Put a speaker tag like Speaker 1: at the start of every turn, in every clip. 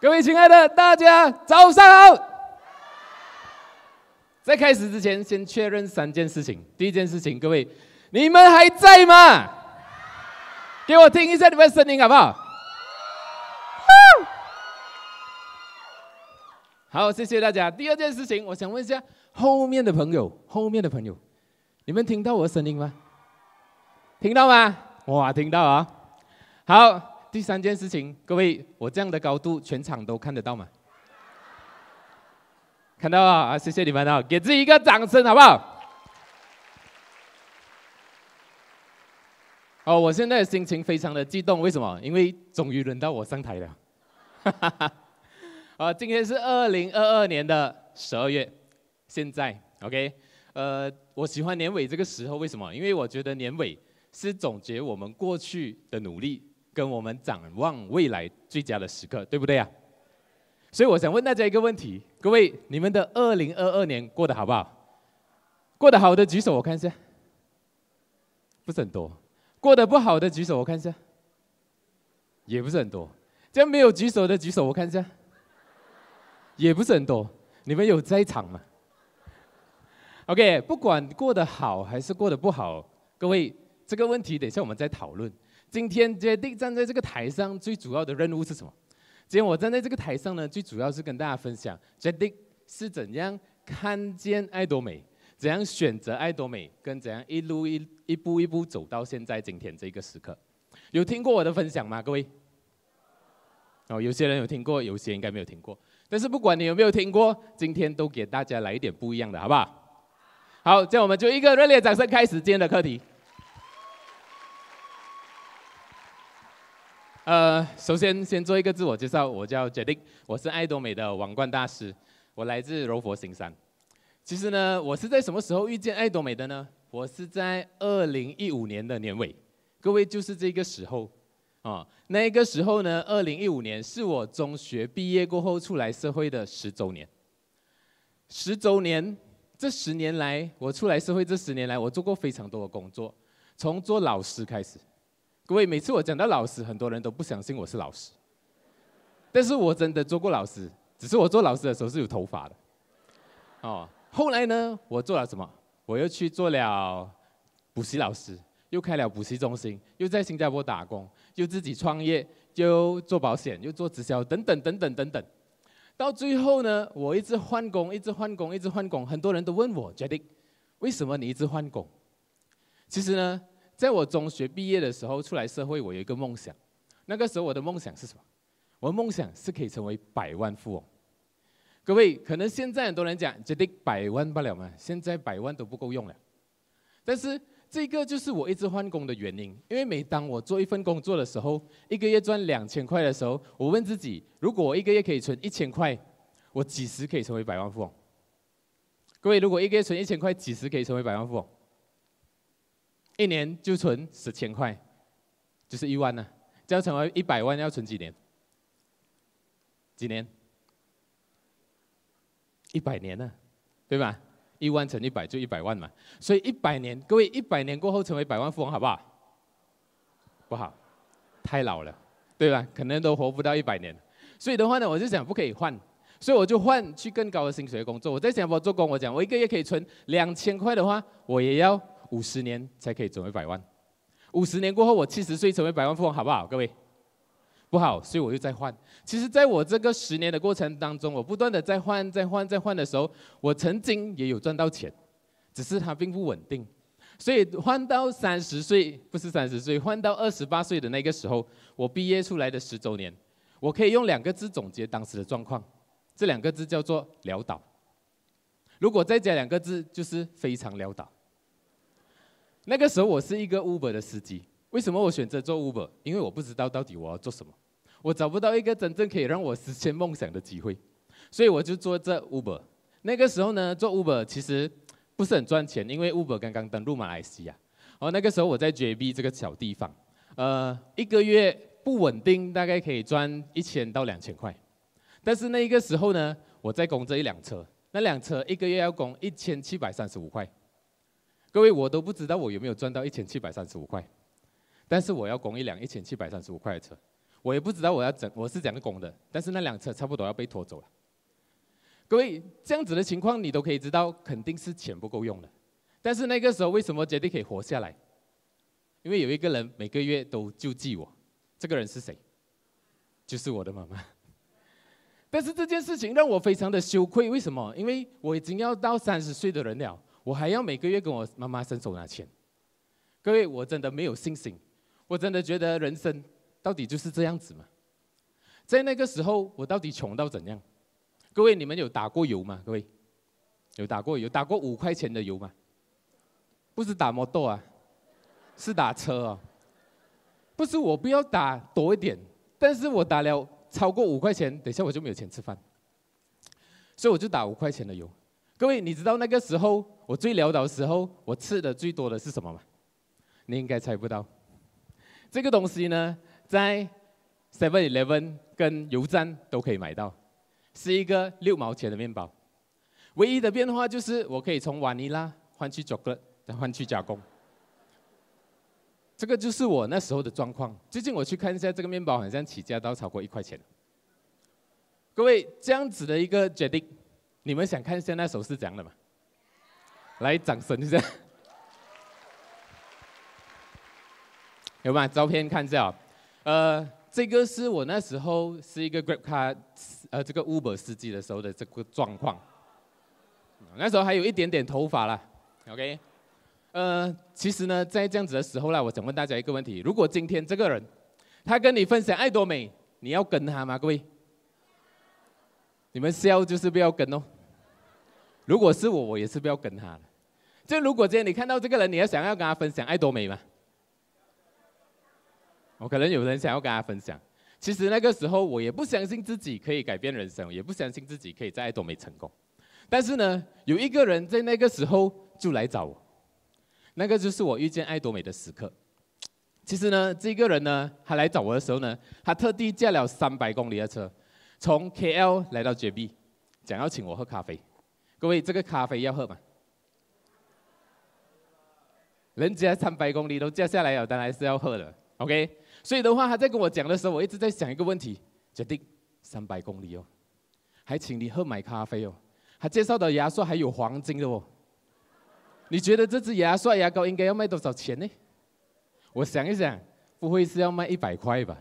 Speaker 1: 各位親愛的，大家早上好。在開始之前，先確認三件事情。第一件事情，各位，你們還在嗎？給我聽一下你們的聲音好不好？好，謝謝大家。第二件事情，我想問一下後面的朋友，後面的朋友，你們聽到我的聲音嗎？聽到嗎？哇，聽到啊。好。第三件事情，各位，我這樣的高度，全場都看得到嗎？ 看到啊！謝謝你們啊，給自己一個掌聲好不好？哦，我現在心情非常的激動，為什麼？因為終於輪到我上台了。哈哈！啊，今天是二零二二年的十二月，現在 OK？呃，我喜歡年尾這個時候，為什麼？因為我覺得年尾是總結我們過去的努力。跟我們展望未來最佳的時刻，對不對啊？所以我想問大家一個問題：各位，你們的二零二二年過得好不好？過得好的舉手，我看一下。不是很多。過得不好的舉手，我看一下。也不是很多。這樣沒有舉手的舉手，我看一下。也不是很多。你們有在場嗎？OK，不管過得好還是過得不好，各位，這個問題等一下我們再討論。今天 Jadick 站在這個台上，最主要的任務是什麼？今天我站在這個台上呢，最主要是跟大家分享 Jadick 是怎樣看見艾多美，怎樣選擇艾多美，跟怎樣一路一一步一步走到現在今天這個時刻。有聽過我的分享嗎？各位？哦，有些人有聽過，有些人應該沒有聽過。但是不管你有沒有聽過，今天都給大家來一點不一樣的，好不好？好，這樣我們就一個熱烈掌聲開始今天的課題。呃，首先先做一個自我介紹，我叫傑迪，我是艾多美的王冠大師，我來自柔佛新山。其實呢，我是在什麼時候遇見艾多美的呢？我是在二零一五年的年尾，各位就是這個時候啊、哦。那個時候呢，二零一五年是我中學畢業過後出來社會的十周年。十周年，這十年來，我出來社會這十年來，我做過非常多的工作，從做老師開始。各位，每次我講到老師，很多人都不相信我是老師，但是我真的做過老師，只是我做老師的時候是有頭髮的。哦，後來呢，我做了什麼？我又去做了補習老師，又開了補習中心，又在新加坡打工，又自己創業，又做保險，又做直銷，等等等等等等。到最後呢，我一直換工，一直換工，一直換工。很多人都問我 Jadick，為什麼你一直換工？其實呢。在我中學畢業的時候出來社會，我有一個夢想。那個時候我的夢想是什麼？我的夢想是可以成為百萬富翁。各位，可能現在很多人講，覺得百萬不了嘛，現在百萬都不夠用了。但是這個就是我一直換工的原因。因為每當我做一份工作的時候，一個月賺兩千塊的時候，我問自己：如果我一個月可以存一千塊，我幾時可以成為百萬富翁？各位，如果一個月存一千塊，幾時可以成為百萬富翁？一年就存十千塊，就是一萬呢，這樣成為一百萬，要存幾年？幾年？一百年呢，對吧？一萬乘一百就一百萬嘛。所以一百年，各位一百年過後成為百萬富翁好不好？不好，太老了，對吧？可能都活不到一百年。所以的話呢，我就想不可以換，所以我就換去更高的薪水工作。我在新加坡做工，我講我一個月可以存兩千塊的話，我也要。五十年才可以成為百萬。五十年過後，我七十歲成為百萬富翁，好不好？各位，不好，所以我又再換。其實，在我這個十年的過程當中，我不斷的在換、在換、在換的時候，我曾經也有賺到錢，只是它並不穩定。所以換到三十歲，不是三十歲，換到二十八歲的那個時候，我畢業出來的十周年，我可以用兩個字總結當時的狀況，這兩個字叫做“潦倒”。如果再加兩個字，就是“非常潦倒”。那個時候我是一個 Uber 的司機。為什麼我選擇做 Uber？因為我不知道到底我要做什麼，我找不到一個真正可以讓我實現夢想的機會，所以我就做這 Uber。那個時候呢，做 Uber 其實不是很賺錢，因為 Uber 剛剛登陸馬來西亞。哦，那個時候我在 JB 這個小地方，呃，一個月不穩定，大概可以賺一千到兩千塊。但是那一個時候呢，我在供這一輛車，那輛車一個月要供一千七百三十五塊。各位，我都不知道我有沒有賺到一千七百三十五塊，但是我要供一輛一千七百三十五塊的車，我也不知道我要怎。我是怎樣供的，但是那輛車差不多要被拖走了。各位，這樣子的情況你都可以知道，肯定是錢不夠用的。但是那個時候為什麼絕對可以活下來？因為有一個人每個月都救濟我，這個人是誰？就是我的媽媽。但是這件事情讓我非常的羞愧，為什麼？因為我已經要到三十歲的人了。我還要每個月跟我媽媽伸手拿錢，各位，我真的沒有信心，我真的覺得人生到底就是這樣子嗎？在那個時候，我到底窮到怎樣？各位，你們有打過油嗎？各位，有打過油？有打過五塊錢的油嗎？不是打摩托啊，是打車啊，不是我不要打多一點，但是我打了超過五塊錢，等下我就沒有錢吃飯，所以我就打五塊錢的油。各位，你知道那個時候？我最潦倒的時候，我吃的最多的是什麼嗎？你應該猜不到。這個東西呢，在 Seven Eleven 跟油站都可以買到，是一個六毛錢的麵包。唯一的變化就是，我可以從瓦尼拉換去巧克力，再換去加工。這個就是我那時候的狀況。最近我去看一下，這個麵包好像起價到超過一塊錢。各位，這樣子的一個決定，你們想看一下那首是怎樣的嗎？來，掌聲一下。有嗎？照片看一下哦，呃，這個是我那時候是一個 Grab Car，呃，這個 Uber 司機的時候的這個狀況。那時候還有一點點頭髮啦，OK。呃，其實呢，在這樣子的時候呢，我想問大家一個問題：如果今天這個人，他跟你分享愛多美，你要跟他嗎？各位，你們笑就是不要跟哦。如果是我，我也是不要跟他的。就如果今天你看到這個人，你要想要跟他分享艾多美嗎？我可能有人想要跟他分享。其實那個時候，我也不相信自己可以改變人生，也不相信自己可以在艾多美成功。但是呢，有一個人在那個時候就來找我，那個就是我遇見艾多美的時刻。其實呢，這個人呢，他來找我的時候呢，他特地駕了三百公里的車，從 KL 來到 JB，想要請我喝咖啡。各位，這個咖啡要喝嗎？人家三百公里都駕下來了，當然是要喝的。OK，所以的話，他在跟我講的時候，我一直在想一個問題：決定三百公里哦，還請你喝買咖啡哦。他介紹的牙刷還有黃金的哦。你覺得這支牙刷牙膏應該要賣多少錢呢？我想一想，不會是要賣一百塊吧？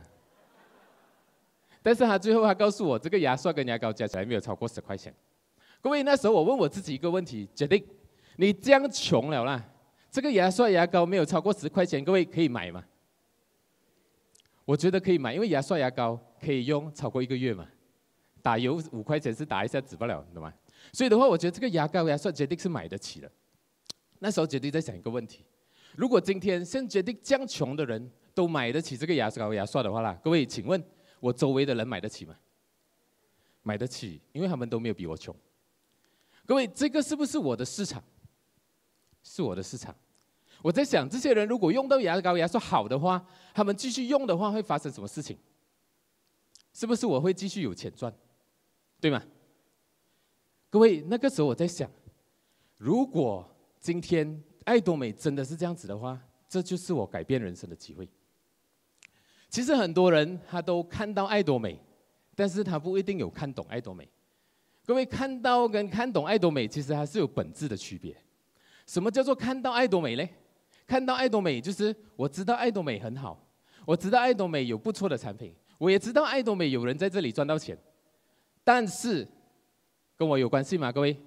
Speaker 1: 但是他最後他告訴我，這個牙刷跟牙膏加起來沒有超過十塊錢。各位，那時候我問我自己一個問題：Jadick，你這樣窮了啦，這個牙刷牙膏沒有超過十塊錢，各位可以買嗎？我覺得可以買，因為牙刷牙膏可以用超過一個月嘛。打油五塊錢是打一下止不了，懂嗎？所以的話，我覺得這個牙膏牙刷 Jadick 是買得起的。那時候 Jadick 在想一個問題：如果今天像 Jadick 這樣窮的人都買得起這個牙膏牙刷的話啦，各位，請問我周圍的人買得起嗎？買得起，因為他們都沒有比我窮。各位，這個是不是我的市場？是我的市場。我在想，這些人如果用到牙膏牙刷好的話，他們繼續用的話會發生什麼事情？是不是我會繼續有錢賺？對嗎？各位，那個時候我在想，如果今天愛多美真的是這樣子的話，這就是我改變人生的機會。其實很多人他都看到愛多美，但是他不一定有看懂愛多美。各位看到跟看懂艾多美其實還是有本質的區別。什麼叫做看到艾多美嘞？看到艾多美就是我知道艾多美很好，我知道艾多美有不錯的產品，我也知道艾多美有人在這裡賺到錢。但是跟我有關係嗎？各位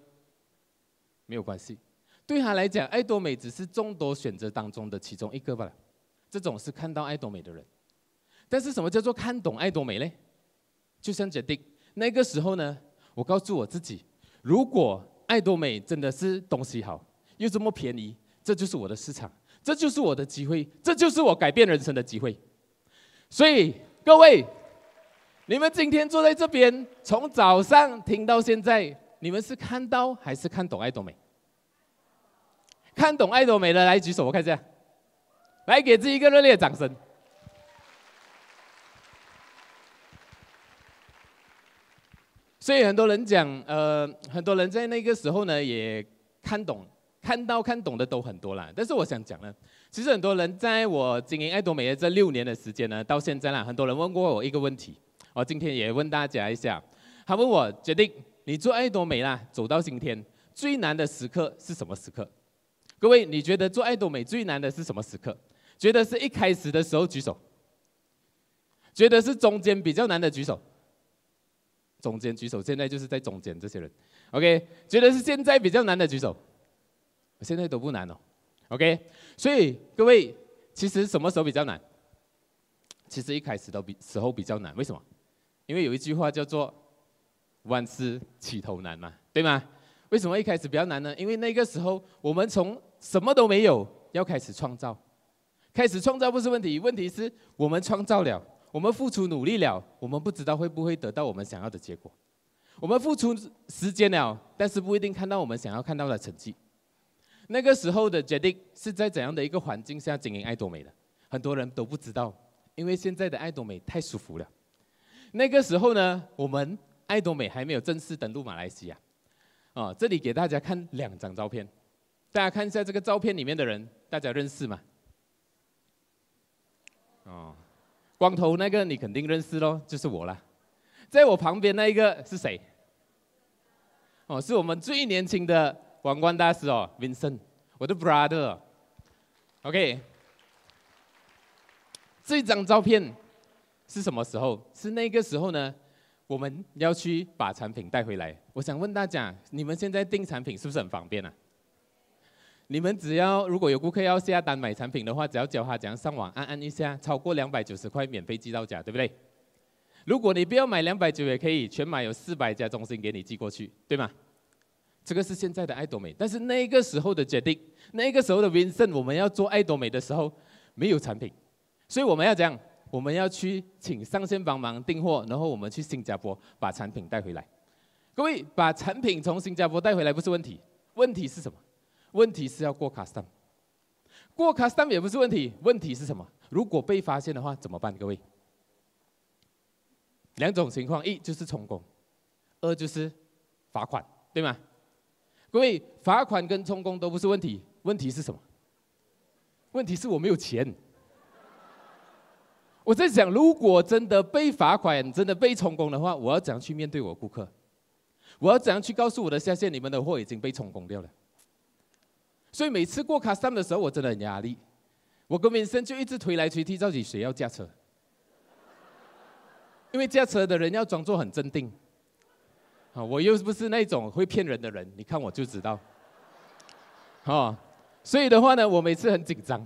Speaker 1: 沒有關係。對他來講，艾多美只是眾多選擇當中的其中一個罷了。這種是看到艾多美的人。但是什麼叫做看懂艾多美嘞？就像 Jadick 那個時候呢？我告訴我自己，如果愛多美真的是東西好又這麼便宜，這就是我的市場，這就是我的機會，這就是我改變人生的機會。所以各位，你們今天坐在這邊，從早上聽到現在，你們是看到還是看懂愛多美？看懂愛多美的來舉手，我看一下，來給自己一個熱烈的掌聲。所以很多人講，呃，很多人在那個時候呢，也看懂、看到、看懂的都很多啦。但是我想講呢，其實很多人在我經營愛多美的這六年的時間呢，到現在啦，很多人問過我一個問題，我今天也問大家一下。他問我，Jadick，你做愛多美啦，走到今天最難的時刻是什麼時刻？各位，你覺得做愛多美最難的是什麼時刻？覺得是一開始的時候舉手，覺得是中間比較難的舉手。中間舉手，現在就是在中間這些人，OK？覺得是現在比較難的舉手，現在都不難哦，OK？所以各位，其實什麼時候比較難？其實一開始的時候比較難，為什麼？因為有一句話叫做“萬事起頭難”嘛，對嗎？為什麼一開始比較難呢？因為那個時候我們從什麼都沒有要開始創造，開始創造不是問題，問題是我們創造了。我們付出努力了，我們不知道會不會得到我們想要的結果。我們付出時間了，但是不一定看到我們想要看到的成績。那個時候的 Jadick 是在怎樣的一個環境下經營艾多美的？很多人都不知道，因為現在的艾多美太舒服了。那個時候呢，我們艾多美還沒有正式登陸馬來西亞。哦，這裡給大家看兩張照片，大家看一下這個照片裡面的人，大家認識嗎？哦。光頭那個你肯定認識咯，就是我啦。在我旁邊那一個是誰？哦，是我們最年輕的王冠大師哦，Vincent，我的 brother。OK，這張照片是什麼時候？是那個時候呢，我們要去把產品帶回來。我想問大家，你們現在訂產品是不是很方便啊？你們只要如果有顧客要下單買產品的話，只要教他怎樣上網按按一下，超過兩百九十塊免費寄到家，對不對？如果你不要買兩百九也可以，全買有四百家中心給你寄過去，對嗎？這個是現在的愛多美，但是那個時候的 Jadick，那個時候的 Vincent，我們要做愛多美的時候沒有產品，所以我們要怎樣？我們要去請上線幫忙訂貨，然後我們去新加坡把產品帶回來。各位，把產品從新加坡帶回來不是問題，問題是什麼？問題是要過 custom，過 custom 也不是問題。問題是什麼？如果被發現的話怎麼辦？各位，兩種情況：一就是充公，二就是罰款，對嗎？各位，罰款跟充公都不是問題。問題是什麼？問題是我沒有錢。我在想，如果真的被罰款，真的被充公的話，我要怎樣去面對我顧客？我要怎樣去告訴我的下線，你們的貨已經被充公掉了？所以每次過卡站的時候，我真的很壓力。我跟民生就一直推來推去，到底誰要駕車？因為駕車的人要裝作很鎮定。啊，我又不是那種會騙人的人，你看我就知道。啊，所以的話呢，我每次很緊張。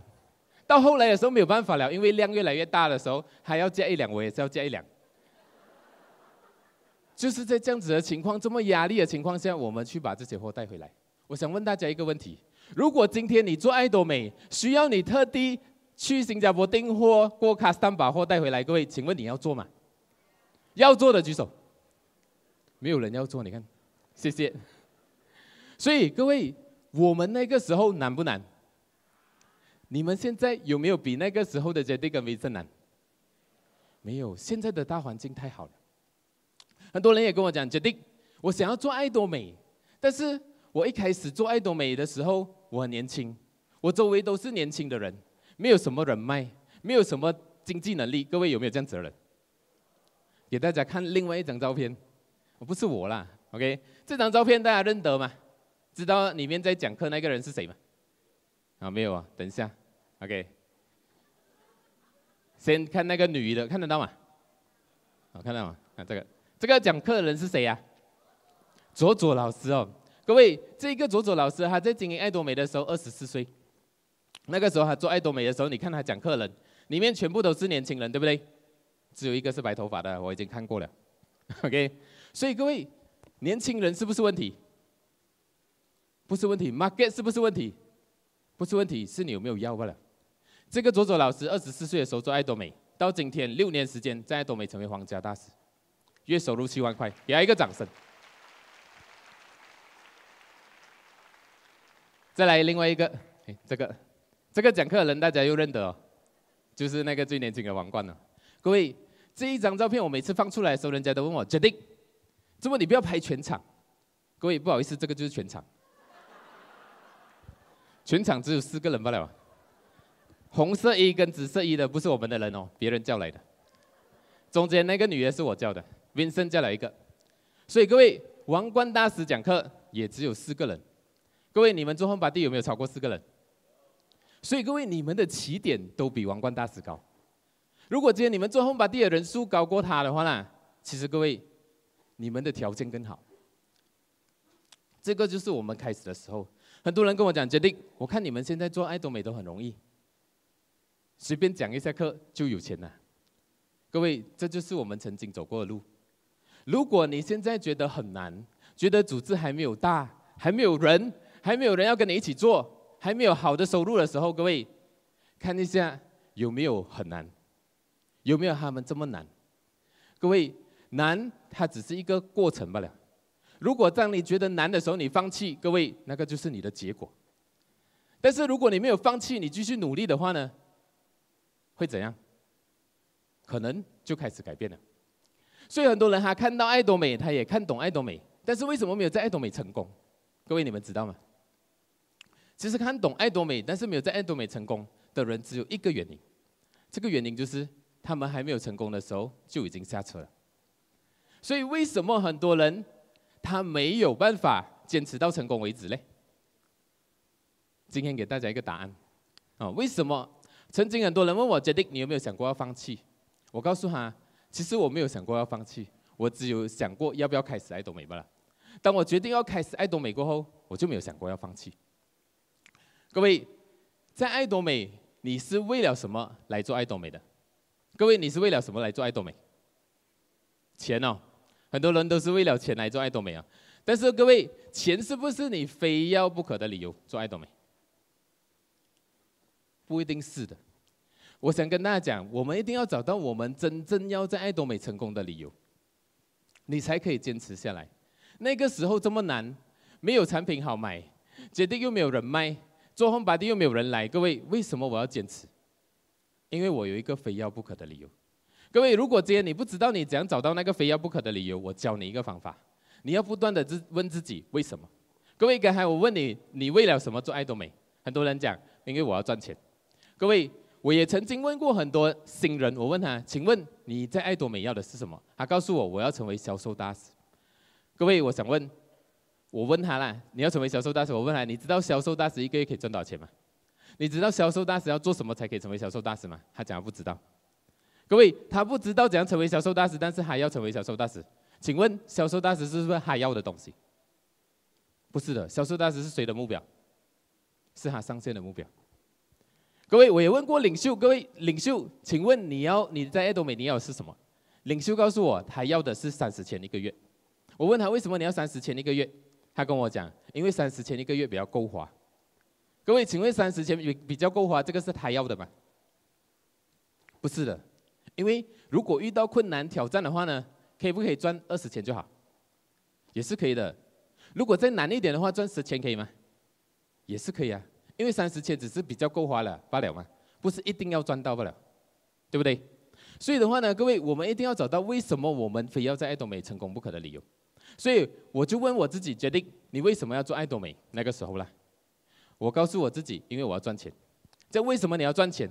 Speaker 1: 到後來的時候沒有辦法了，因為量越來越大的時候，還要加一輛，我也是要加一輛。就是在這樣子的情況，這麼壓力的情況下，我們去把這些貨帶回來。我想問大家一個問題。如果今天你做愛多美，需要你特地去新加坡訂貨，過 Custom 把貨帶回來，各位，請問你要做嗎？要做的舉手。沒有人要做，你看，謝謝。所以各位，我們那個時候難不難？你們現在有沒有比那個時候的 Jadick 跟維珍難？沒有，現在的大環境太好了。很多人也跟我講 Jadick，我想要做愛多美，但是我一開始做愛多美的時候。我很年輕，我周圍都是年輕的人，沒有什麼人脈，沒有什麼經濟能力。各位有沒有這樣子的人？給大家看另外一張照片，不是我啦，OK？這張照片大家認得嗎？知道裡面在講課那個人是誰嗎？啊，沒有啊，等一下，OK？先看那個女的，看得到嗎？好、啊，看到嗎？看、啊、這個，這個講課的人是誰呀、啊？佐佐老師哦。各位，這一個佐佐老師他在經營愛多美的時候二十四歲，那個時候他做愛多美的時候，你看他講課人裡面全部都是年輕人，對不對？只有一個是白頭髮的，我已經看過了。OK，所以各位，年輕人是不是問題？不是問題，market 是不是問題？不是問題，是你有沒有要罷了。這個佐佐老師二十四歲的時候做愛多美，到今天六年時間，在艾多美成為皇家大使，月收入七萬塊，給他一個掌聲。再來另外一個，哎，這個，這個講課的人大家又認得、哦，就是那個最年輕的王冠了、哦。各位，這一張照片我每次放出來的時候，人家都問我 Jadick，怎麼你不要拍全場。各位不好意思，這個就是全場，全場只有四個人罷了。紅色衣跟紫色衣的不是我們的人哦，別人叫來的。中間那個女的是我叫的，Vincent 叫來一個。所以各位，王冠大師講課也只有四個人。各位，你們做 Homebody 有沒有超過四個人？所以各位，你們的起點都比王冠大師高。如果今天你們做 Homebody 的人數高過他的話呢，其實各位，你們的條件更好。這個就是我們開始的時候，很多人跟我講 Jadick，我看你們現在做愛多美都很容易，隨便講一下課就有錢了。各位，這就是我們曾經走過的路。如果你現在覺得很難，覺得組織還沒有大，還沒有人。還沒有人要跟你一起做，還沒有好的收入的時候，各位看一下有沒有很難，有沒有他們這麼難？各位難，它只是一個過程罷了。如果當你覺得難的時候你放棄，各位那個就是你的結果。但是如果你沒有放棄，你繼續努力的話呢，會怎樣？可能就開始改變了。所以很多人他看到愛多美，他也看懂愛多美，但是為什麼沒有在愛多美成功？各位你們知道嗎？其實看懂愛多美，但是沒有在愛多美成功的人，只有一個原因，這個原因就是他們還沒有成功的時候就已經下車了。所以為什麼很多人他沒有辦法堅持到成功為止嘞？今天給大家一個答案，啊、哦，為什麼曾經很多人問我，Jadick，你有沒有想過要放棄？我告訴他，其實我沒有想過要放棄，我只有想過要不要開始愛多美罷了。當我決定要開始愛多美過後，我就沒有想過要放棄。各位，在艾多美，你是為了什麼來做艾多美的？各位，你是為了什麼來做艾多美？錢哦，很多人都是為了錢來做艾多美啊、哦。但是，各位，錢是不是你非要不可的理由做艾多美？不一定是的。我想跟大家講，我們一定要找到我們真正要在艾多美成功的理由，你才可以堅持下來。那個時候這麼難，沒有產品好賣，絕對又沒有人脈。做 Home Party 又沒有人來，各位，為什麼我要堅持？因為我有一個非要不可的理由。各位，如果今天你不知道你怎樣找到那個非要不可的理由，我教你一個方法，你要不斷的自問自己為什麼。各位，剛才我問你，你為了什麼做艾多美？很多人講，因為我要賺錢。各位，我也曾經問過很多新人，我問他，請問你在艾多美要的是什麼？他告訴我，我要成為銷售大師。各位，我想問。我問他啦，你要成為銷售大師。我問他，你知道銷售大師一個月可以賺多少錢嗎？你知道銷售大師要做什麼才可以成為銷售大師嗎？他講他不知道。各位，他不知道怎樣成為銷售大師，但是還要成為銷售大師。請問，銷售大師是不是他要的東西？不是的，銷售大師是誰的目標？是他上線的目標。各位，我也問過領袖，各位領袖，請問你要你在艾多美，你要的是什麼？領袖告訴我，他要的是三十千一個月。我問他為什麼你要三十千一個月？他跟我講，因為三十千一個月比較夠花。各位，請問三十千比比較夠花，這個是他要的嗎？不是的，因為如果遇到困難挑戰的話呢，可以不可以賺二十千就好？也是可以的。如果再難一點的話，賺十千可以嗎？也是可以啊，因為三十千只是比較夠花了罷了嘛，不是一定要賺到罷了，對不對？所以的話呢，各位，我們一定要找到為什麼我們非要在艾多美成功不可的理由。所以我就問我自己，Jadick，你為什麼要做艾多美？那個時候啦，我告訴我自己，因為我要賺錢。這為什麼你要賺錢？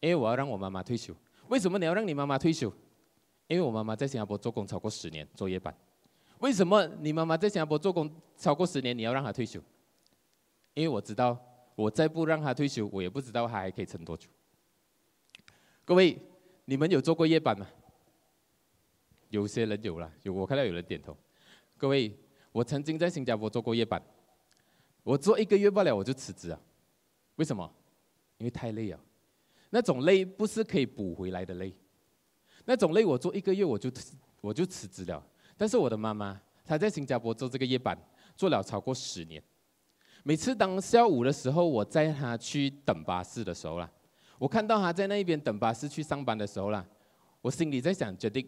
Speaker 1: 因為我要讓我媽媽退休。為什麼你要讓你媽媽退休？因為我媽媽在新加坡做工超過十年，做夜班。為什麼你媽媽在新加坡做工超過十年，你要讓她退休？因為我知道，我再不讓她退休，我也不知道她還可以撐多久。各位，你們有做過夜班嗎？有些人有了，有，我看到有人點頭。各位，我曾經在新加坡做過夜班，我做一個月不了，我就辭職啊。為什麼？因為太累了。那種累不是可以補回來的累。那種累我做一個月我就我就辭職了。但是我的媽媽，她在新加坡做這個夜班，做了超過十年。每次當下午的時候，我載她去等巴士的時候啦，我看到她在那邊等巴士去上班的時候啦，我心裡在想，決定，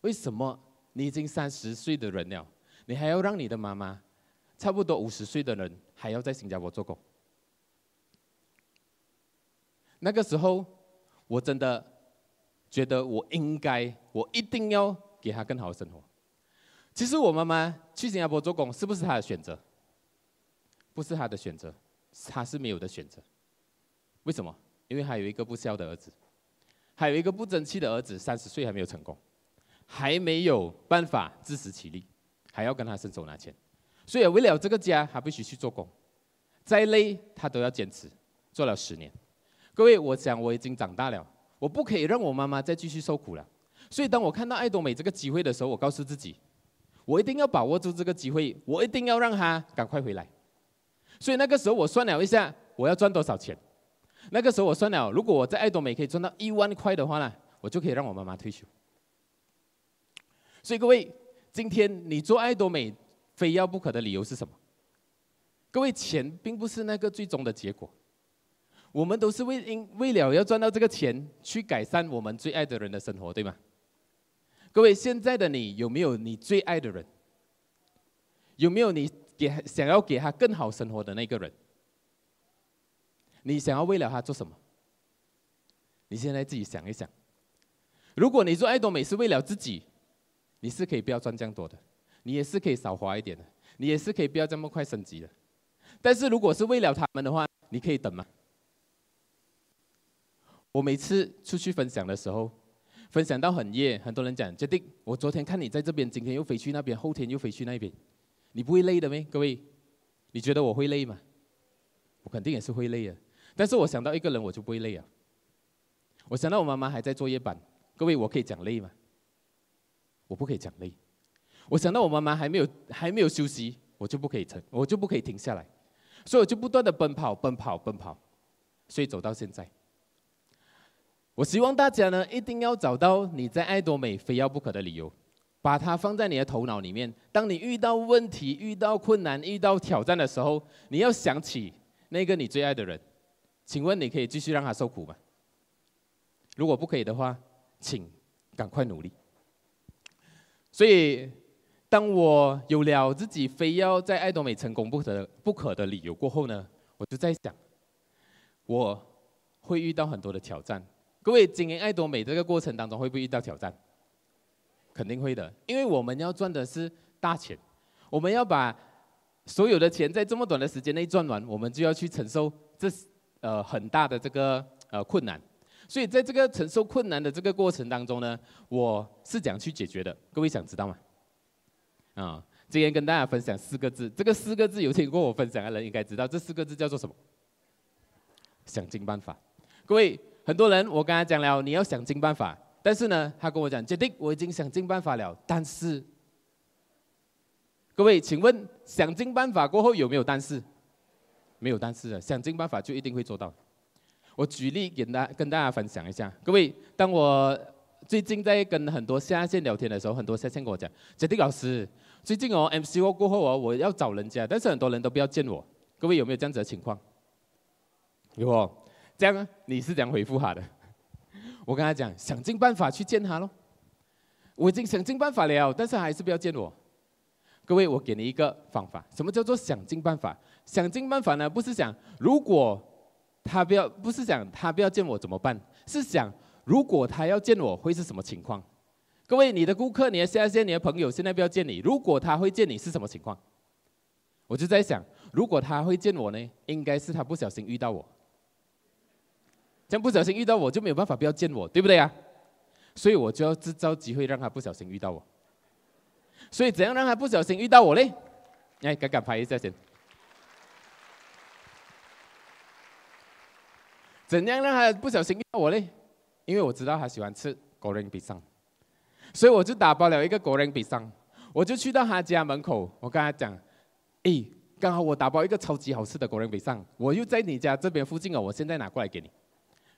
Speaker 1: 為什麼你已經三十歲的人了？你還要讓你的媽媽，差不多五十歲的人，還要在新加坡做工。那個時候，我真的覺得我應該，我一定要給她更好的生活。其實我媽媽去新加坡做工是不是她的選擇？不是她的選擇，她是沒有的選擇。為什麼？因為還有一個不孝的兒子，還有一個不爭氣的兒子，三十歲還沒有成功，還沒有辦法自食其力。還要跟他伸手拿錢，所以為了這個家，他必須去做工，再累他都要堅持，做了十年。各位，我想我已經長大了，我不可以讓我媽媽再繼續受苦了。所以當我看到艾多美這個機會的時候，我告訴自己，我一定要把握住這個機會，我一定要讓她趕快回來。所以那個時候我算了一下，我要賺多少錢？那個時候我算了，如果我在艾多美可以賺到一萬塊的話呢，我就可以讓我媽媽退休。所以各位。今天你做艾多美，非要不可的理由是什麼？各位，錢並不是那個最終的結果。我們都是為因為了要賺到這個錢，去改善我們最愛的人的生活，對嗎？各位，現在的你有沒有你最愛的人？有沒有你給想要給他更好生活的那個人？你想要為了他做什麼？你現在自己想一想。如果你做艾多美是為了自己。你是可以不要賺這樣多的，你也是可以少花一點的，你也是可以不要這麼快升級的。但是如果是為了他們的話，你可以等嗎？我每次出去分享的時候，分享到很夜，很多人講，Jadick，我昨天看你在這邊，今天又飛去那邊，後天又飛去那邊，你不會累的嗎？各位，你覺得我會累嗎？我肯定也是會累的。但是我想到一個人我就不會累啊。我想到我媽媽還在做夜班，各位，我可以講累嗎？我不可以講累，我想到我媽媽還沒有還沒有休息，我就不可以停，我就不可以停下來，所以我就不斷的奔跑，奔跑，奔跑，所以走到現在。我希望大家呢，一定要找到你在艾多美非要不可的理由，把它放在你的頭腦裡面。當你遇到問題、遇到困難、遇到挑戰的時候，你要想起那個你最愛的人。請問你可以繼續讓他受苦嗎？如果不可以的話，請趕快努力。所以，當我有了自己非要在愛多美成功不可的理由過後呢，我就在想，我會遇到很多的挑戰。各位，經營愛多美這個過程當中會不會遇到挑戰？肯定會的，因為我們要賺的是大錢，我們要把所有的錢在這麼短的時間內賺完，我們就要去承受這呃很大的這個呃困難。所以在這個承受困難的這個過程當中呢，我是怎樣去解決的，各位想知道嗎？啊、哦，今天跟大家分享四個字，這個四個字有聽過我分享的人應該知道，這四個字叫做什麼？想盡辦法。各位，很多人，我剛才講了，你要想盡辦法，但是呢，他跟我講，Jadick，我已經想盡辦法了，但是，各位請問，想盡辦法過後有沒有但是？沒有但是，想盡辦法就一定會做到。我舉例給大跟大家分享一下，各位，當我最近在跟很多下線聊天的時候，很多下線跟我講：“杰迪老師，最近哦，MCO 過後哦，我要找人家，但是很多人都不要見我。”各位有沒有這樣子的情況？有哦，這樣啊，你是怎樣回復他的？我跟他講：“想盡辦法去見他嘍。”我已經想盡辦法了，但是還是不要見我。各位，我給你一個方法，什麼叫做想盡辦法？想盡辦法呢，不是想如果。他不要，不是想他不要見我怎麼辦？是想如果他要見我會是什麼情況？各位，你的顧客，你的下線，你的朋友，現在不要見你。如果他會見你是什麼情況？我就在想，如果他會見我呢？應該是他不小心遇到我。這樣不小心遇到我就沒有辦法不要見我，對不對呀、啊？所以我就要制造機會讓他不小心遇到我。所以怎樣讓他不小心遇到我嘞？來，趕快拍一下先。怎樣讓他不小心遇到我嘞？因為我知道他喜歡吃果仁比上，所以我就打包了一個果仁比上。我就去到他家門口，我跟他講：“哎，剛好我打包一個超級好吃的果仁比上，我又在你家這邊附近哦，我現在拿過來給你。”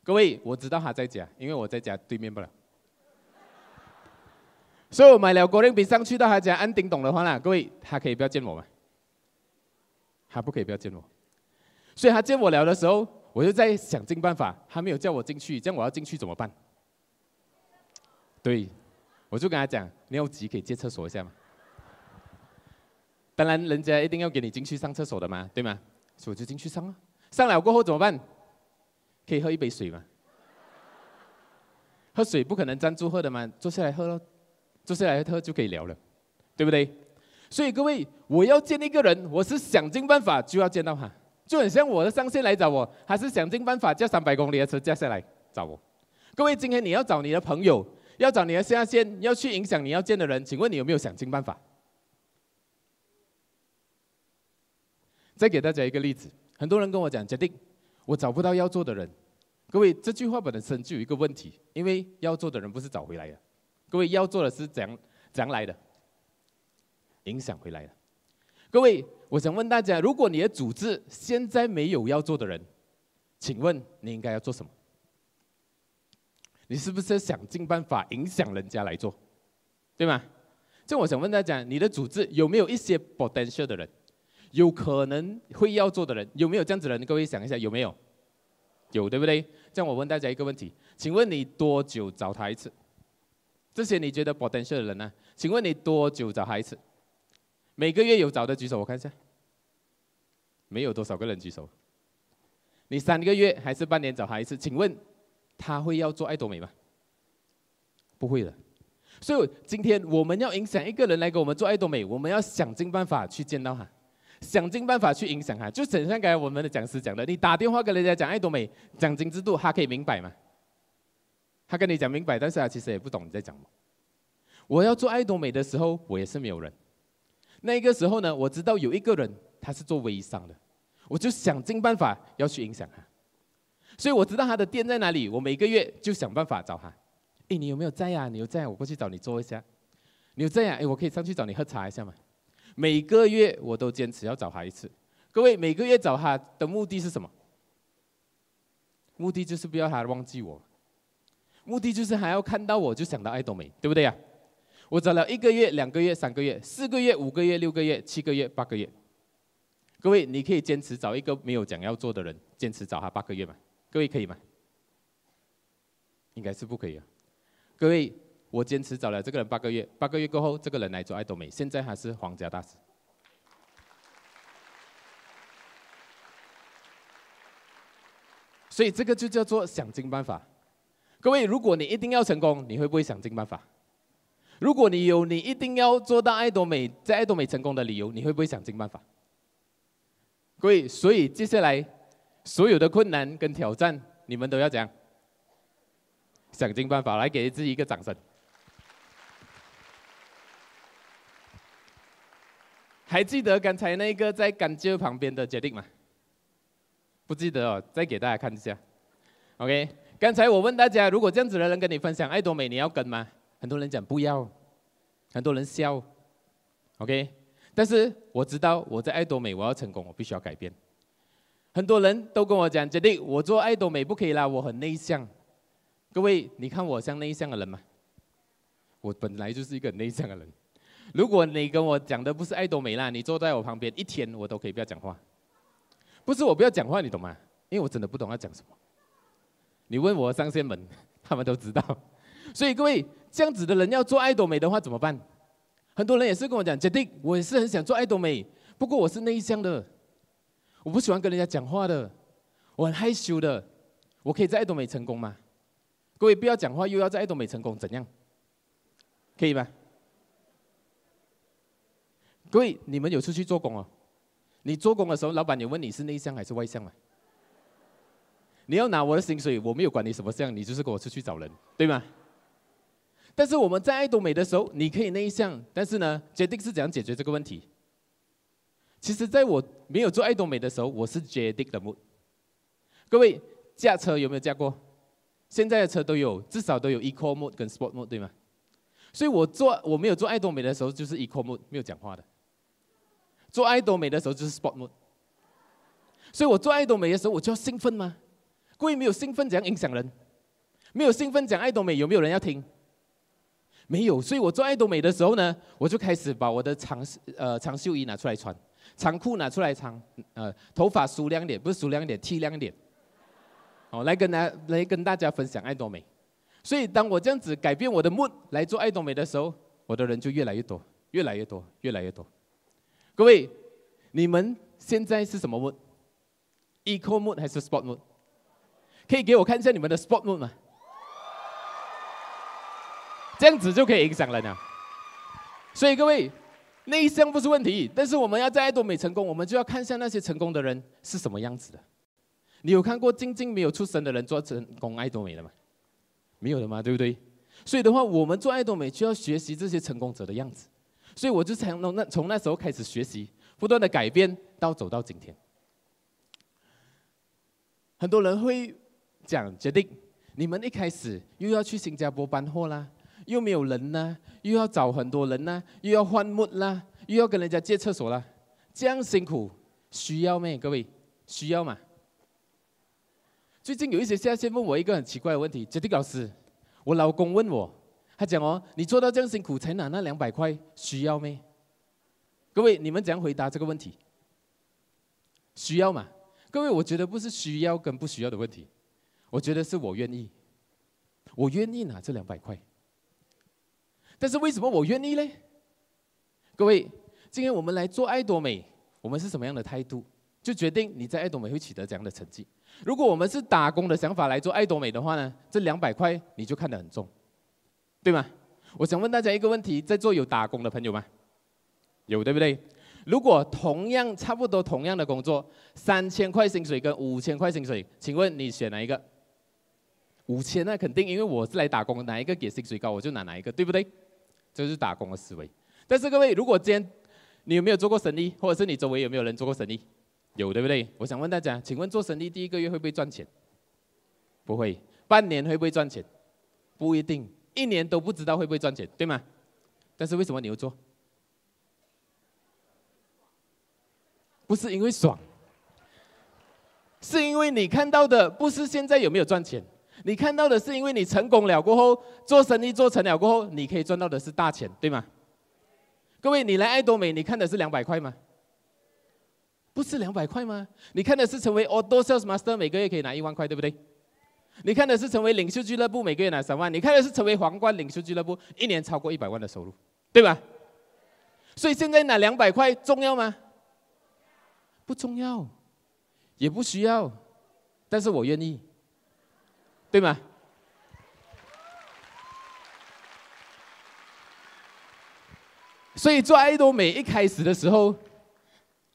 Speaker 1: 各位，我知道他在家，因為我在家對面不了。所以我買了果仁比上去到他家，按叮咚的話了，各位，他可以不要見我嗎？他不可以不要見我，所以他見我聊的時候。我就在想盡辦法，他沒有叫我進去，這樣我要進去怎麼辦？對，我就跟他講，尿急可以借廁所一下嘛。當然，人家一定要給你進去上廁所的嘛，對嗎？所以我就進去上了，上了過後怎麼辦？可以喝一杯水嘛？喝水不可能站著喝的嘛，坐下來喝嘍，坐下來喝就可以聊了，對不對？所以各位，我要見一個人，我是想盡辦法就要見到他。就很像我的上線來找我，還是想盡辦法叫三百公里的車駕下來找我。各位，今天你要找你的朋友，要找你的下線，要去影響你要見的人，請問你有沒有想盡辦法？再給大家一個例子，很多人跟我講 Jadick，我找不到要做的人。各位，這句話本身就有一個問題，因為要做的人不是找回來的，各位要做的是講講來的，影響回來的。各位。我想問大家，如果你的組織現在沒有要做的人，請問你應該要做什麼？你是不是想盡辦法影響人家來做，對嗎？這樣我想問大家，你的組織有沒有一些 potential 的人，有可能會要做的人，有沒有這樣子的人？各位想一下有沒有？有對不對？這樣我問大家一個問題，請問你多久找他一次？這些你覺得 potential 的人呢、啊？請問你多久找他一次？每個月有找的舉手，我看一下，沒有多少個人舉手。你三個月還是半年找他一次，請問他會要做愛多美嗎？不會的。所以今天我們要影響一個人來給我們做愛多美，我們要想盡辦法去見到他，想盡辦法去影響他。就早上給我們的講師講的，你打電話跟人家講愛多美獎金制度，他可以明白嗎？他跟你講明白，但是他其實也不懂你在講。我要做愛多美的時候，我也是沒有人。那個時候呢，我知道有一個人，他是做微商的，我就想盡辦法要去影響他。所以我知道他的店在哪裡，我每個月就想辦法找他。哎，你有沒有在呀？你有在，我過去找你坐一下。你有在呀？哎，我可以上去找你喝茶一下嘛。每個月我都堅持要找他一次。各位，每個月找他的目的是什麼？目的就是不要他忘記我。目的就是還要看到我就想到艾多美，對不對呀？我找了一個月、兩個月、三個月、四個月、五個月、六個月、七個月、八個月。各位，你可以堅持找一個沒有講要做的人，堅持找他八個月嗎？各位可以嗎？應該是不可以啊。各位，我堅持找了這個人八個月，八個月過後，這個人來做艾多美，現在還是皇家大師。所以這個就叫做想盡辦法。各位，如果你一定要成功，你會不會想盡辦法？如果你有你一定要做到愛多美，在愛多美成功的理由，你會不會想盡辦法？各位，所以接下來所有的困難跟挑戰，你們都要這樣想盡辦法來給自己一個掌聲。還記得剛才那個在甘蔗旁邊的決定嗎？不記得哦，再給大家看一下。OK，剛才我問大家，如果這樣子的人跟你分享愛多美，你要跟嗎？很多人講不要，很多人笑，OK？但是我知道我在愛多美，我要成功，我必須要改變。很多人都跟我講，Jadick，我做愛多美不可以啦，我很內向。各位，你看我像內向的人嗎？我本來就是一個內向的人。如果你跟我講的不是愛多美啦，你坐在我旁邊一天，我都可以不要講話。不是我不要講話，你懂嗎？因為我真的不懂要講什麼。你問我上線們，他們都知道。所以各位。這樣子的人要做艾多美的話怎麼辦？很多人也是跟我講，Jadick，我也是很想做艾多美，不過我是內向的，我不喜歡跟人家講話的，我很害羞的，我可以在艾多美成功嗎？各位，不要講話，又要在艾多美成功，怎樣？可以嗎？各位，你們有出去做工哦？你做工的時候，老闆有問你是內向還是外向嗎？你要拿我的薪水，我沒有管你什麼向，你就是跟我出去找人，對嗎？但是我們在愛多美的時候，你可以內向，但是呢，Jadick 是怎樣解決這個問題？其實，在我沒有做愛多美的時候，我是 Jadick 的 mode。各位，駕車有沒有駕過？現在的車都有，至少都有 Eco Mode 跟 Sport Mode，對嗎？所以，我做我沒有做愛多美的時候，就是 Eco Mode 沒有講話的。做愛多美的時候，就是 Sport Mode。所以我做愛多美的時候，我就要興奮嗎？各位沒有興奮，怎樣影響人？沒有興奮講愛多美，有沒有人要聽？沒有，所以我做艾多美的時候呢，我就開始把我的長袖呃長袖衣拿出來穿，長褲拿出來穿，呃頭髮梳亮點，不是梳亮點剃亮點，好、哦、來跟大來跟大家分享艾多美。所以當我這樣子改變我的 mood 來做艾多美的時候，我的人就越來越多，越來越多，越來越多。各位，你們現在是什麼 mood？Eco mood 還是 Sport mood？可以給我看一下你們的 Sport mood 嗎？這樣子就可以影響人了，所以各位，內向不是問題，但是我們要在艾多美成功，我們就要看一下那些成功的人是什麼樣子的。你有看過靜靜沒有出身的人做成功艾多美的嗎？沒有的嗎？對不對？所以的話，我們做艾多美就要學習這些成功者的樣子。所以我就從那從那時候開始學習，不斷的改變，到走到今天。很多人會講決定，你們一開始又要去新加坡搬貨啦。又沒有人呢，又要找很多人呢，又要換木啦，又要跟人家借廁所啦，這樣辛苦，需要沒？各位，需要嘛？最近有一些下線問我一個很奇怪的問題，杰迪老師，我老公問我，他講哦，你做到這樣辛苦，才拿那兩百塊，需要沒？各位，你們怎樣回答這個問題？需要嘛？各位，我覺得不是需要跟不需要的問題，我覺得是我願意，我願意拿這兩百塊。但是為什麼我願意呢？各位，今天我們來做艾多美，我們是什麼樣的態度，就決定你在艾多美會取得怎樣的成績。如果我們是打工的想法來做艾多美的話呢，這兩百塊你就看得很重，對嗎？我想問大家一個問題，在座有打工的朋友嗎？有對不對？如果同樣差不多同樣的工作，三千塊薪水跟五千塊薪水，請問你選哪一個？五千那肯定，因為我是來打工，哪一個給薪水高，我就拿哪一個，對不對？這是打工的思維，但是各位，如果今天你有沒有做過生意，或者是你周圍有沒有人做過生意，有對不對？我想問大家，請問做生意第一個月會不會賺錢？不會。半年會不會賺錢？不一定。一年都不知道會不會賺錢，對嗎？但是為什麼你會做？不是因為爽，是因為你看到的不是現在有沒有賺錢。你看到的是，因為你成功了過後，做生意做成了過後，你可以賺到的是大錢，對嗎？各位，你來艾多美，你看的是兩百塊嗎？不是兩百塊嗎？你看的是成為 Atomy Sales Master，每個月可以拿一萬塊，對不對？你看的是成為領袖俱樂部，每個月拿三萬。你看的是成為皇冠領袖俱樂部，一年超過一百萬的收入，對吧？所以現在拿兩百塊重要嗎？不重要，也不需要，但是我願意。對嗎？所以做艾多美一開始的時候，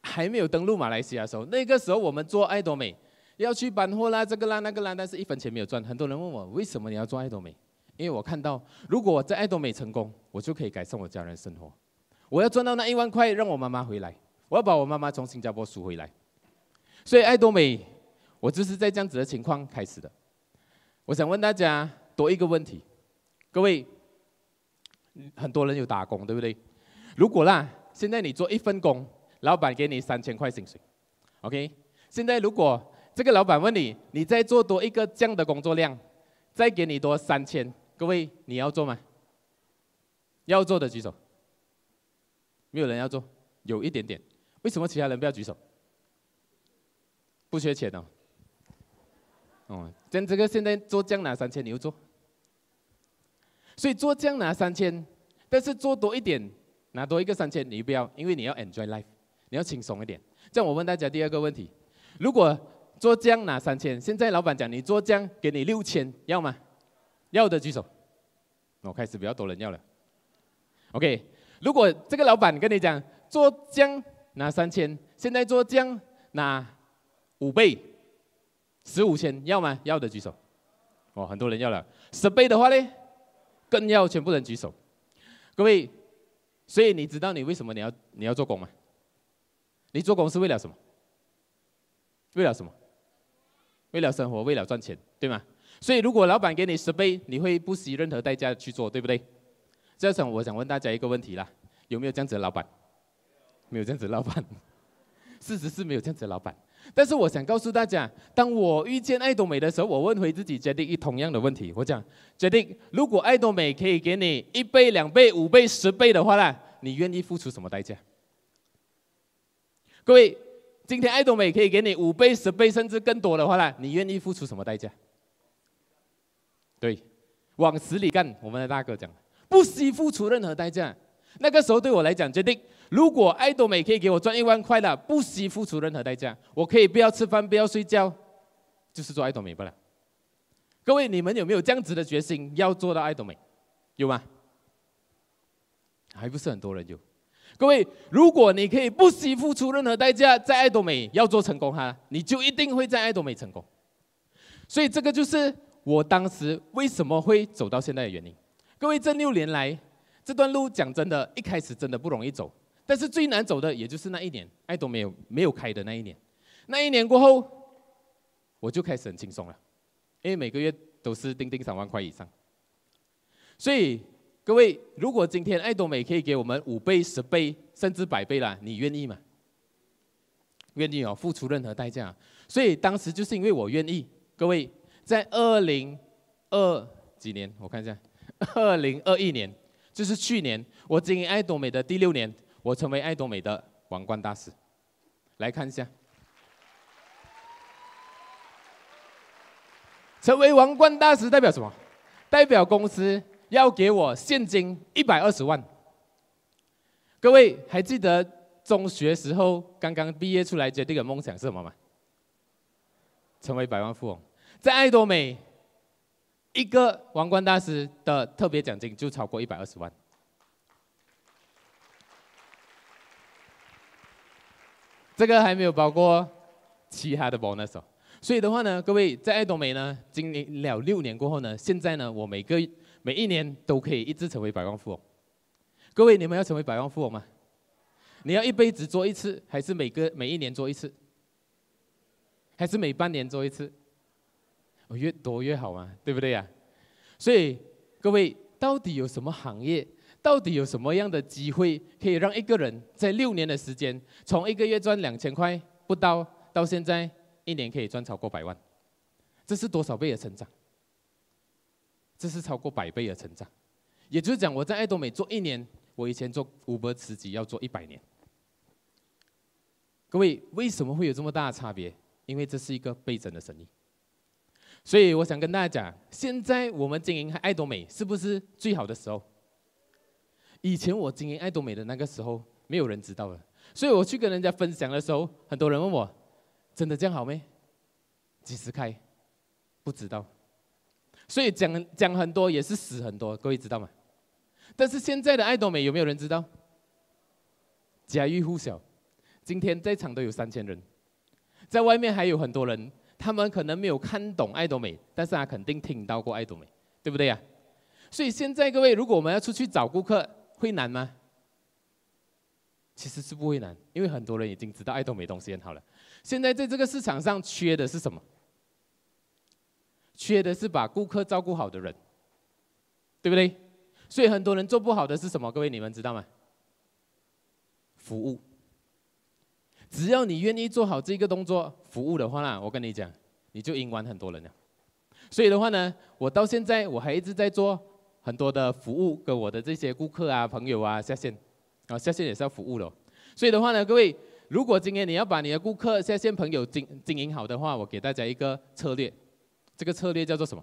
Speaker 1: 還沒有登陸馬來西亞的時候，那個時候我們做艾多美要去搬貨啦，這個啦那個啦，但是一分錢沒有賺。很多人問我為什麼你要做艾多美？因為我看到如果我在艾多美成功，我就可以改善我家人生活。我要賺到那一萬塊，讓我媽媽回來，我要把我媽媽從新加坡贖回來。所以艾多美，我就是在這樣子的情況開始的。我想問大家多一個問題，各位很多人有打工，對不對？如果啦，現在你做一份工，老闆給你三千塊薪水，OK？現在如果這個老闆問你，你再做多一個這樣的工作量，再給你多三千，各位你要做嗎？要做的舉手。沒有人要做，有一點點，為什麼其他人不要舉手？不缺錢哦。哦，像、嗯、這個現在做獎拿三千，你又做，所以做獎拿三千，但是做多一點拿多一個三千，你不要，因為你要 enjoy life，你要輕鬆一點。這樣我問大家第二個問題：如果做獎拿三千，現在老板講你做獎給你六千，要嗎？要的舉手。那、哦、開始比較多人要了。OK，如果這個老板跟你講，做獎拿三千，現在做獎拿五倍，十五千要嗎？要的舉手。哦，很多人要了。十倍的話呢，更要全部人舉手。各位，所以你知道你為什麼你要你要做工嗎？你做工是為了什麼？為了什麼？為了生活，為了賺錢，對嗎？所以如果老闆給你十倍，你會不惜任何代價去做，對不對？這時候我想問大家一個問題啦：有沒有這樣子的老闆？沒有這樣子的老闆。事實是沒有這樣子的老闆。但是我想告訴大家，當我遇見愛多美的時候，我問回自己 Jadick 同樣的問題。我講 Jadick，如果愛多美可以給你一倍、兩倍、五倍、十倍的話呢，你願意付出什麼代價？各位，今天愛多美可以給你五倍、十倍，甚至更多的話呢，你願意付出什麼代價？對，往死裡幹！我們的大哥講，不惜付出任何代價。那個時候對我來講 Jadick。如果艾多美可以給我賺一萬塊的，不惜付出任何代價，我可以不要吃飯，不要睡覺，就是做艾多美罷了。各位，你們有沒有這樣子的決心，要做到艾多美？有嗎？還不是很多人有。各位，如果你可以不惜付出任何代價，在艾多美要做成功哈，你就一定會在艾多美成功。所以，這個就是我當時為什麼會走到現在的原因。各位，這六年來，這段路講真的，一開始真的不容易走。但是最難走的，也就是那一年，艾多美沒有沒有開的那一年。那一年過後，我就開始很輕鬆了，因為每個月都是釘釘三萬塊以上。所以各位，如果今天艾多美可以給我們五倍、十倍，甚至百倍了，你願意嗎？願意哦，付出任何代價。所以當時就是因為我願意。各位，在二零二幾年，我看一下，二零二一年，就是去年，我經營艾多美的第六年。我成為愛多美的王冠大師，來看一下。成為王冠大師代表什麼？代表公司要給我現金一百二十萬。各位還記得中學時候剛剛畢業出來決定的那個夢想是什麼嗎？成為百萬富翁。在愛多美，一個王冠大師的特別獎金就超過一百二十萬。這個還沒有包括其他的 bonus 哦，所以的話呢，各位在艾多美呢，經營了六年過後呢，現在呢，我每個每一年都可以一直成為百萬富翁。各位，你們要成為百萬富翁嗎？你要一輩子做一次，還是每個每一年做一次？還是每半年做一次？哦，越多越好嘛，對不對呀、啊？所以各位，到底有什麼行業？到底有什麼樣的機會可以讓一個人在六年的時間，從一個月賺兩千塊不到，到現在一年可以賺超過百萬？這是多少倍的成長？這是超過百倍的成長。也就是講，我在艾多美做一年，我以前做 Uber 自己要做一百年。各位，為什麼會有這麼大的差別？因為這是一個倍增的生意。所以我想跟大家講，現在我們經營艾多美是不是最好的時候？以前我經營艾多美的那個時候，沒有人知道的。所以我去跟人家分享的時候，很多人問我：“真的這樣好沒？”幾時開，不知道。所以講講很多也是死很多，各位知道嗎？但是現在的艾多美有沒有人知道？家喻戶曉。今天在場都有三千人，在外面還有很多人，他們可能沒有看懂艾多美，但是他肯定聽到過艾多美，對不對呀、啊？所以現在各位，如果我們要出去找顧客，會難嗎？其實是不會難，因為很多人已經知道艾多美東西很好了。現在在這個市場上缺的是什麼？缺的是把顧客照顧好的人，對不對？所以很多人做不好的是什麼？各位你們知道嗎？服務。只要你願意做好這個動作，服務的話啦，我跟你講，你就贏完很多人了。所以的話呢，我到現在我還一直在做。很多的服務跟我的這些顧客啊、朋友啊下線，啊下線也是要服務的。所以的話呢，各位，如果今天你要把你的顧客、下線朋友經經營好的話，我給大家一個策略。這個策略叫做什麼？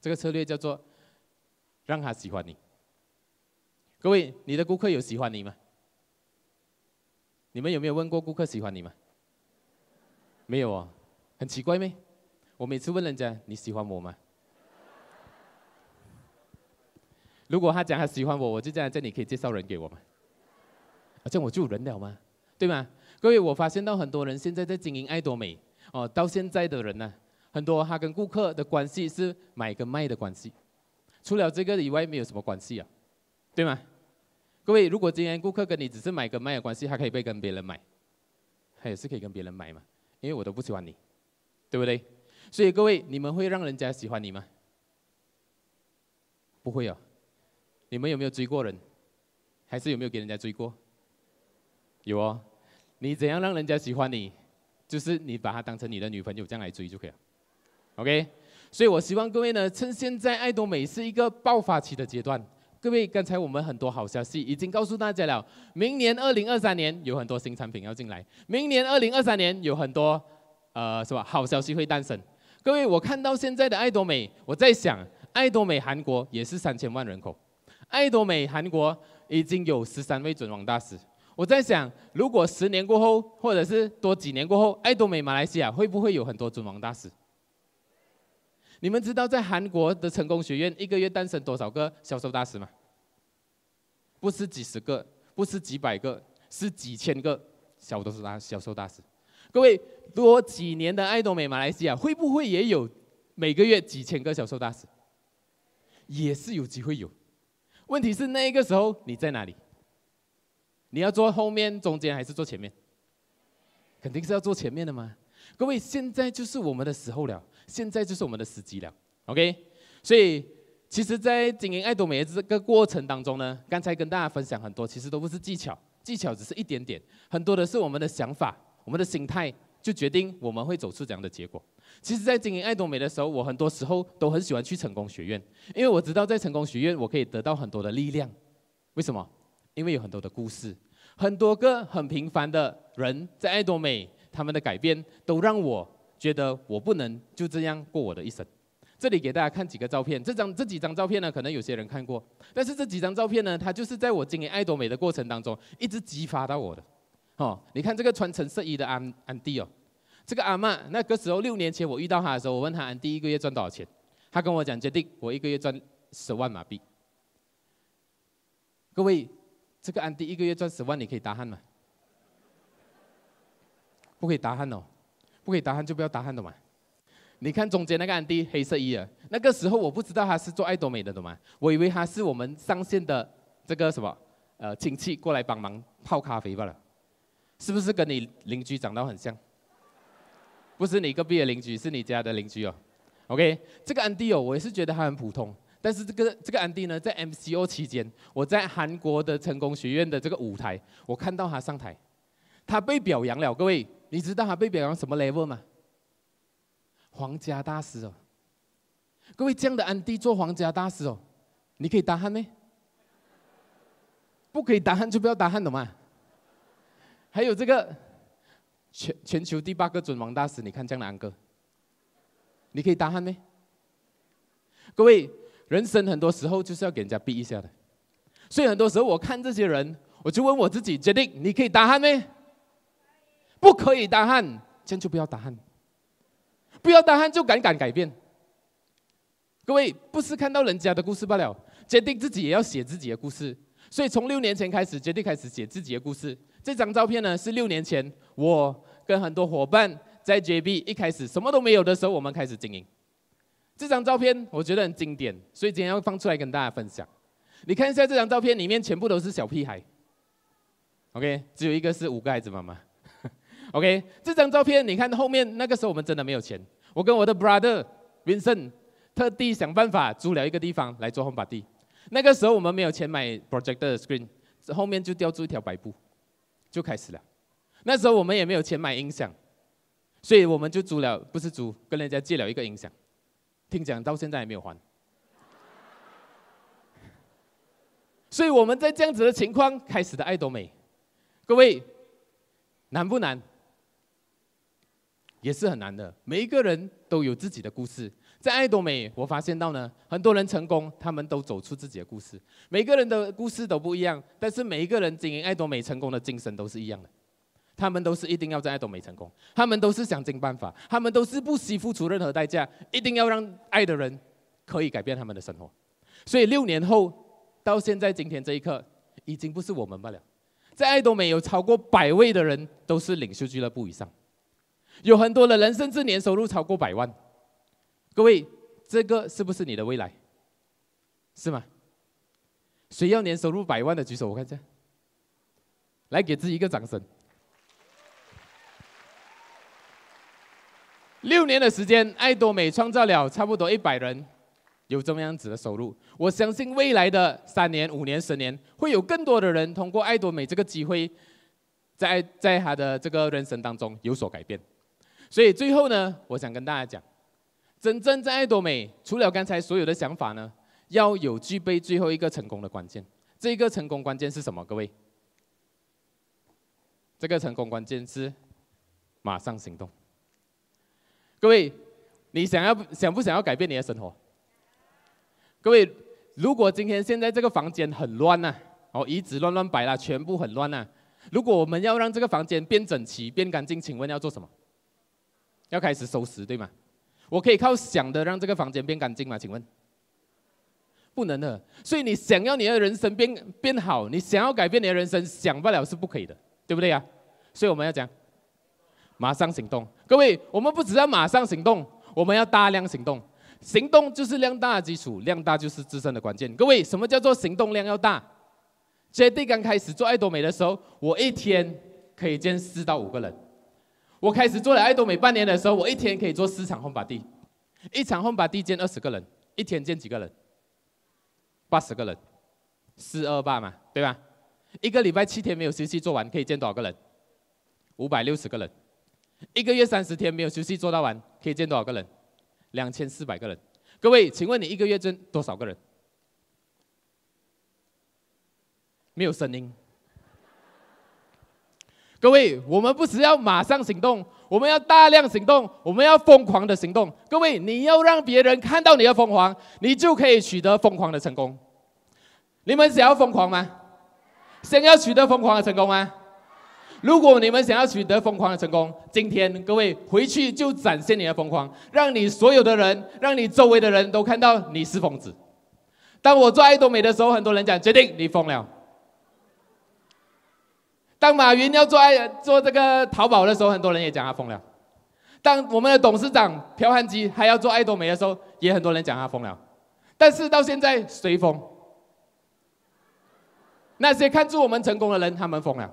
Speaker 1: 這個策略叫做讓他喜歡你。各位，你的顧客有喜歡你嗎？你們有沒有問過顧客喜歡你嗎？沒有啊、哦，很奇怪咩？我每次問人家你喜歡我嗎？如果他講他喜歡我，我就這樣你，可以介紹人給我嗎？好、啊、像我就有人了嗎？對嗎？各位，我發現到很多人現在在經營艾多美哦，到現在的人呢、啊，很多他跟顧客的關係是買跟賣的關係，除了這個以外沒有什麼關係啊、哦，對嗎？各位，如果今天顧客跟你只是買跟賣的關係，他可以被跟別人買，他也是可以跟別人買嘛，因為我都不喜歡你，對不對？所以各位，你們會讓人家喜歡你嗎？不會啊、哦。你們有沒有追過人，還是有沒有給人家追過？有哦。你怎樣讓人家喜歡你，就是你把她當成你的女朋友這樣來追就可以了。OK。所以我希望各位呢，趁現在愛多美是一個爆發期的階段。各位，剛才我們很多好消息已經告訴大家了。明年二零二三年有很多新產品要進來，明年二零二三年有很多呃，是吧？好消息會誕生。各位，我看到現在的愛多美，我在想，愛多美韓國也是三千萬人口。愛多美韓國已經有十三位准王大師，我在想，如果十年過後，或者是多幾年過後，愛多美馬來西亞會不會有很多准王大師？你們知道，在韓國的成功學院一個月誕生多少個銷售大師嗎？不是幾十個，不是幾百個，是幾千個銷售大銷售大師。各位，多幾年的愛多美馬來西亞會不會也有每個月幾千個銷售大師？也是有機會有。問題是那個時候你在哪裡？你要坐後面、中間還是坐前面？肯定是要坐前面的嘛！各位，現在就是我們的時候了，現在就是我們的時機了，OK？所以，其實，在經營艾多美這個過程當中呢，剛才跟大家分享很多，其實都不是技巧，技巧只是一點點，很多的是我們的想法、我們的心態，就決定我們會走出這樣的結果。其實，在經營艾多美的時候，我很多時候都很喜歡去成功學院，因為我知道在成功學院，我可以得到很多的力量。為什麼？因為有很多的故事，很多個很平凡的人在艾多美，他們的改變都讓我覺得我不能就這樣過我的一生。這裡給大家看幾個照片，這張這幾張照片呢，可能有些人看過，但是這幾張照片呢，它就是在我經營艾多美的過程當中，一直激發到我的。哦，你看這個穿橙色衣的安安迪哦。這個阿嬤，那個時候六年前我遇到他的時候，我問他 Auntie 一個月賺多少錢，他跟我講 Jadick，我一個月賺十萬馬幣。各位，這個 Auntie 一個月賺十萬，你可以打鼾嗎？不可以打鼾哦，不可以打鼾就不要打鼾了嘛。你看中間那個 Auntie 黑色衣兒，那個時候我不知道他是做艾多美的懂嗎？我以為他是我們上線的這個什麼呃親戚過來幫忙泡咖啡罷了，是不是跟你鄰居長得很像？不是你隔壁的鄰居，是你家的鄰居哦。OK，這個安迪哦，我也是覺得他很普通。但是這個這個安迪呢，在 MCO 期間，我在韓國的成功學院的這個舞台，我看到他上台，他被表揚了。各位，你知道他被表揚什麼 level 嗎？皇家大師哦。各位，這樣的安迪做皇家大師哦，你可以打鼾咩？不可以打鼾就不要打鼾，懂嗎？還有這個。全全球第八個尊王大師，你看江南哥，你可以答案嗎？各位，人生很多時候就是要給人家逼一下的，所以很多時候我看這些人，我就問我自己：Jadick， ik, 你可以答案嗎？不可以答案，千萬不要答案，不要答案就敢敢改變。各位，不是看到人家的故事罷了，Jadick 自己也要寫自己的故事。所以從六年前開始，Jadick 開始寫自己的故事。這張照片呢，是六年前我跟很多夥伴在 JB 一開始什麼都沒有的時候，我們開始經營。這張照片我覺得很經典，所以今天要放出來跟大家分享。你看一下這張照片，裡面全部都是小屁孩。OK，只有一個是五個孩子媽媽。OK，這張照片你看後面那個時候我們真的沒有錢，我跟我的 brother Vincent 特地想辦法租了一個地方來做 home party。那個時候我們沒有錢買 projector screen，後面就吊住一條白布。就開始了，那時候我們也沒有錢買音響，所以我們就租了，不是租，跟人家借了一個音響，聽講到現在也沒有還。所以我們在這樣子的情況開始的艾多美，各位難不難？也是很難的，每一個人都有自己的故事。在艾多美，我發現到呢，很多人成功，他們都走出自己的故事。每個人的故事都不一樣，但是每一個人經營艾多美成功的精神都是一樣的。他們都是一定要在艾多美成功，他們都是想盡辦法，他們都是不惜付出任何代價，一定要讓愛的人可以改變他們的生活。所以六年後到現在今天這一刻，已經不是我們不了。在艾多美，有超過百位的人都是領袖俱樂部以上，有很多的人甚至年收入超過百萬。各位，這個是不是你的未來？是嗎？誰要年收入百萬的舉手，我看一下。來，給自己一個掌聲。嗯。六年的時間，愛多美創造了差不多一百人有這麼樣子的收入。我相信未來的三年、五年、十年，會有更多的人通過愛多美這個機會，在在他的這個人生當中有所改變。所以最後呢，我想跟大家講。真正在愛多美，除了剛才所有的想法呢，要有具備最後一個成功的關鍵。這個成功關鍵是什麼？各位，這個成功關鍵是馬上行動。各位，你想要，想不想要改變你的生活？各位，如果今天現在這個房間很亂吶、啊，哦，椅子亂亂擺了，全部很亂吶、啊。如果我們要讓這個房間變整齊、變乾淨，請問要做什麼？要開始收拾，對嗎？我可以靠想的讓這個房間變乾淨嗎？請問，不能的。所以你想要你的人生變變好，你想要改變你的人生，想不了是不可以的，對不對呀、啊？所以我們要講，馬上行動。各位，我們不只要馬上行動，我們要大量行動。行動就是量大的基礎，量大就是自身的關鍵。各位，什麼叫做行動量要大？JD 剛開始做艾多美的時候，我一天可以見四到五個人。我開始做了艾多美半年的時候，我一天可以做四場轟趴地，一場轟趴地見二十個人，一天見幾個人？八十個人，四二八嘛，對吧？一個禮拜七天沒有休息做完，可以見多少個人？五百六十個人。一個月三十天沒有休息做到完，可以見多少個人？兩千四百個人。各位，請問你一個月見多少個人？沒有聲音。各位，我們不是要馬上行動，我們要大量行動，我們要瘋狂的行動。各位，你要讓別人看到你的瘋狂，你就可以取得瘋狂的成功。你們想要瘋狂嗎？想要取得瘋狂的成功嗎？如果你們想要取得瘋狂的成功，今天各位回去就展現你的瘋狂，讓你所有的人，讓你周圍的人都看到你是瘋子。當我做艾多美的時候，很多人講，Jadick，你瘋了。當馬雲要做愛做這個淘寶的時候，很多人也講他瘋了；當我們的董事長朴漢基還要做愛多美的時候，也很多人講他瘋了。但是到現在，誰瘋？那些看住我們成功的人，他們瘋了。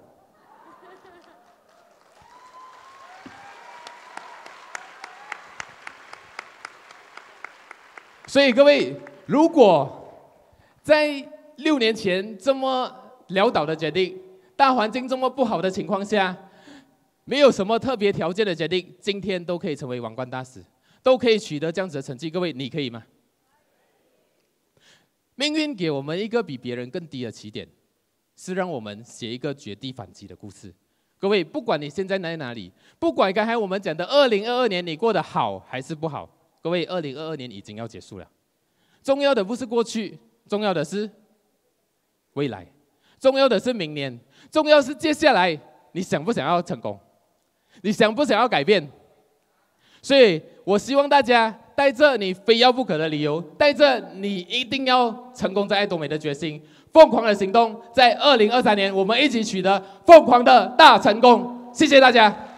Speaker 1: 所以各位，如果在六年前這麼潦倒的決定，大環境這麼不好的情況下，沒有什麼特別條件的決定，今天都可以成為王冠大師，都可以取得這樣子的成績。各位，你可以嗎？命運給我們一個比別人更低的起點，是讓我們寫一個絕地反擊的故事。各位，不管你現在在哪裡，不管剛才我們講的2022年你過得好還是不好，各位，2022年已經要結束了。重要的不是過去，重要的是未來，重要的是明年。重要是接下來你想不想要成功，你想不想要改變，所以我希望大家帶着你非要不可的理由，帶着你一定要成功在艾多美的決心，瘋狂的行動，在二零二三年我們一起取得瘋狂的大成功，謝謝大家。